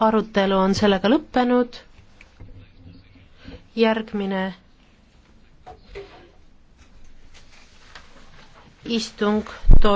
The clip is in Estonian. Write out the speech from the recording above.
arutelu on sellega lõppenud. järgmine istung toimub